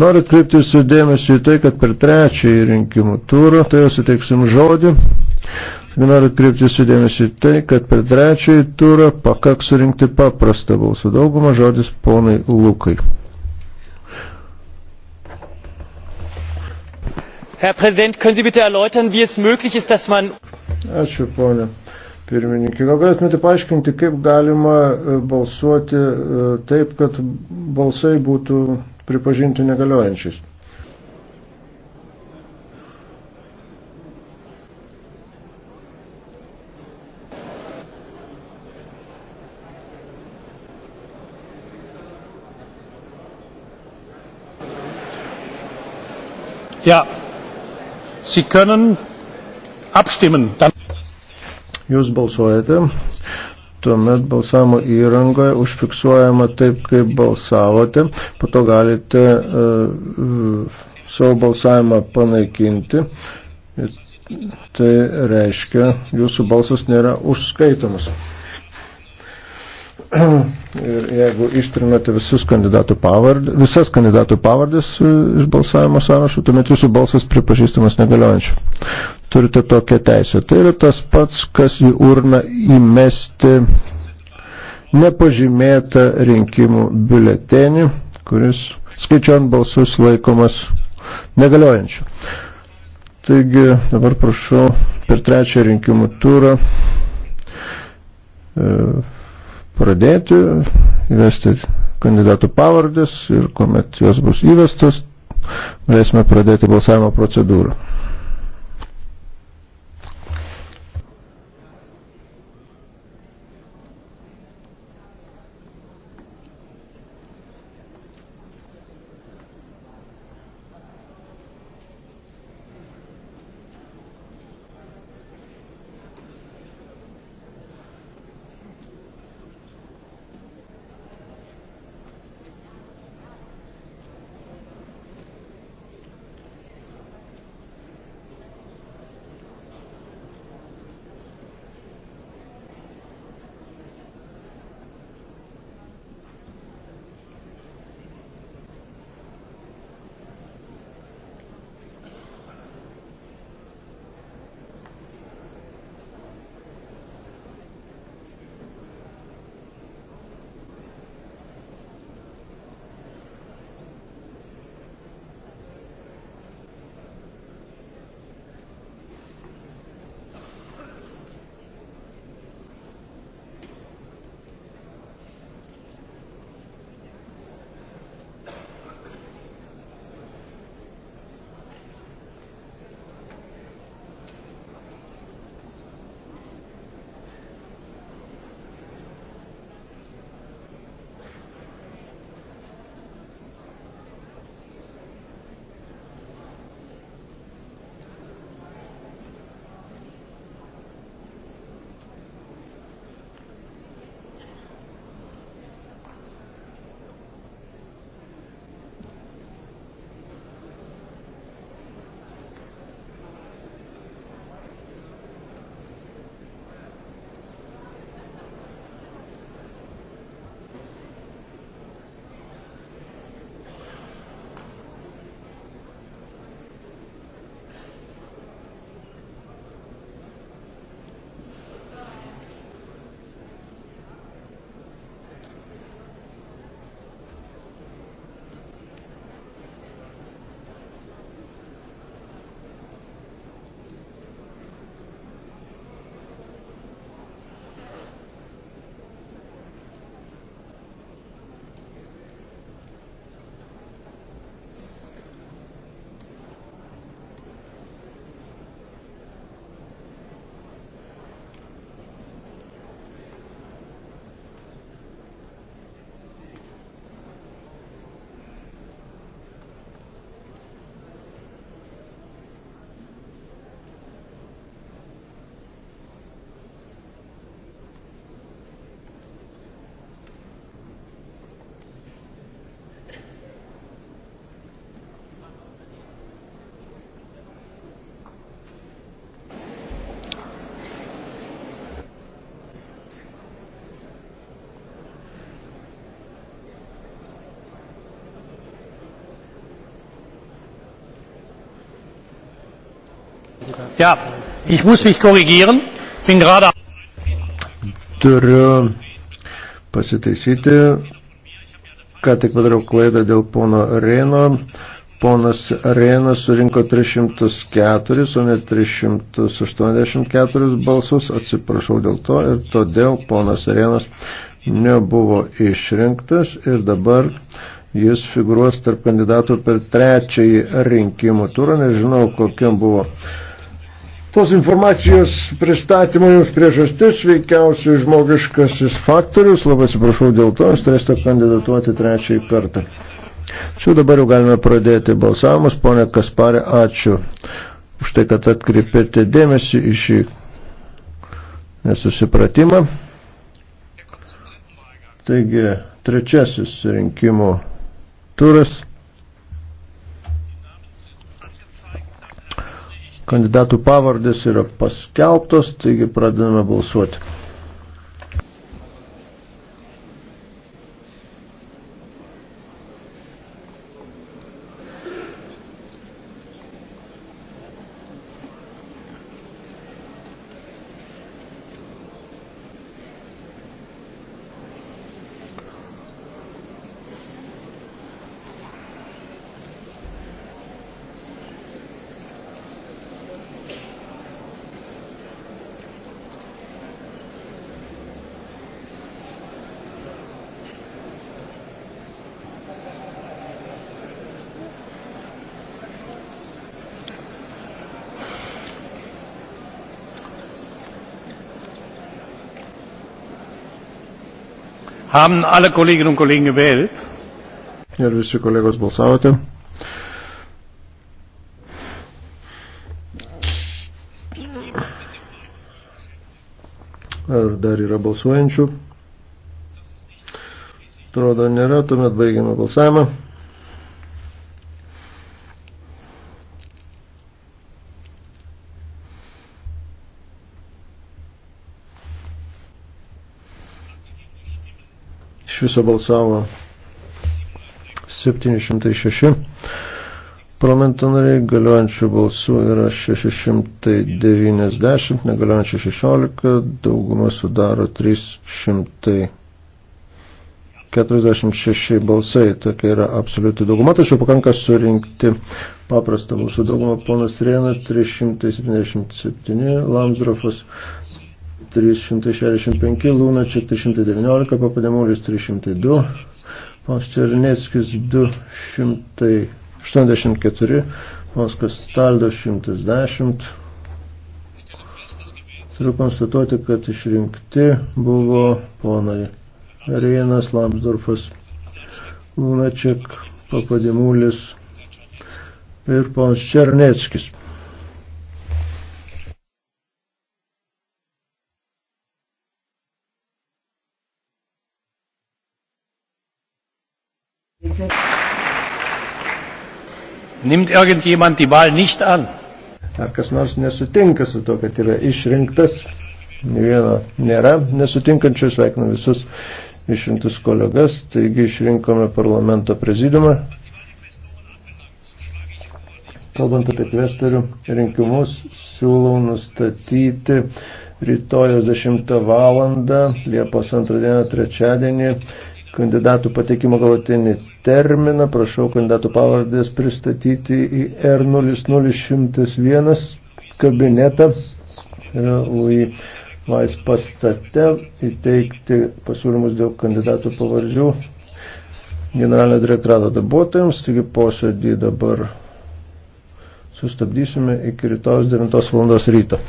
Noriu atkreipti jūsų dėmesį į tai, kad per trečiąjį rinkimų turą, tai jau suteiksim žodį, noriu atkreipti jūsų dėmesį į tai, kad per trečiąjį turą pakaks surinkti paprastą balsų daugumą žodis ponai Lukai. Herr Präsident, können Sie bitte erläutern, wie es möglich ist, dass man... Ačiū, ponė pirmininkė. Gal galėtumėte paaiškinti, kaip galima e, balsuoti e, taip, kad balsai būtų pripažinti negaliojančiais. Ja, Sie können abstimmen. Dann Jūs balsuojate tuomet balsavimo įrangoje užfiksuojama taip, kaip balsavote, po to galite uh, savo balsavimą panaikinti. Tai reiškia, jūsų balsas nėra užskaitomas. Ir jeigu ištrinate visus kandidatų pavardės, visas kandidatų pavardės iš balsavimo sąrašo, tuomet jūsų balsas pripažįstamas negaliojančiu turite tokią teisę. Tai yra tas pats, kas į urną įmesti nepažymėtą rinkimų biuletenį, kuris skaičiuojant balsus laikomas negaliojančiu. Taigi dabar prašau per trečią rinkimų turą e, pradėti, įvesti kandidatų pavardės ir kuomet jos bus įvestos, galėsime pradėti balsavimo procedūrą. Ja, ich muss mich korrigieren. Bin gerade. Turiu pasitaisyti, ką tik padariau klaidą dėl pono Reno. Ponas Reinas surinko 304, o ne 384 balsus, atsiprašau dėl to, ir todėl ponas Reinas nebuvo išrinktas ir dabar jis figuruos tarp kandidatų per trečiąjį rinkimų turą, nežinau, kokiam buvo tos informacijos pristatymo jums priežastis, veikiausiai žmogiškasis faktorius, labai atsiprašau dėl to, jūs turėsite kandidatuoti trečiąjį kartą. Čia dabar jau galime pradėti balsavimus, ponė Kasparė, ačiū už tai, kad atkreipėte dėmesį į šį nesusipratimą. Taigi, trečiasis rinkimų turas. Kandidatų pavardės yra paskelbtos, taigi pradedame balsuoti. haben alle Kolleginnen und Kollegen gewählt. Ir visi kolegos balsavote. Ar dar yra balsuojančių? Atrodo, nėra, tuomet baigiame balsavimą. iš viso balsavo 706 parlamento nariai, galiojančių balsų yra 690, negaliojančių 16, dauguma sudaro 346 balsai, tokia yra absoliuti dauguma, tačiau pakanka surinkti paprastą balsų daugumą, ponas Rėna 377, Lamsdorfas 365, Lūnačia 319, Papademulis 302, Pavcerneckis 284, Moskas Staldo 110. Turiu konstatuoti, kad išrinkti buvo ponai Rienas, Lamsdorfas, Lunačiak, Papadimulis ir ponas Černeckis. Nimmt irgendjemand die Wahl nicht an? Ar kas nors nesutinka su to, kad yra išrinktas? Nė vieno nėra nesutinkančių, sveikinu visus išrinktus kolegas, taigi išrinkome parlamento prezidiumą. Kalbant apie kvestorių rinkimus, siūlau nustatyti rytojos 10 valandą, Liepos 2 dieną, trečiadienį, kandidatų pateikimo galutinį terminą. Prašau kandidatų pavardės pristatyti į R00101 kabinetą Lui e, Vais pastate, įteikti pasiūlymus dėl kandidatų pavardžių generalinio direktorato darbuotojams. Taigi posėdį dabar sustabdysime iki rytojus 9 val. ryto.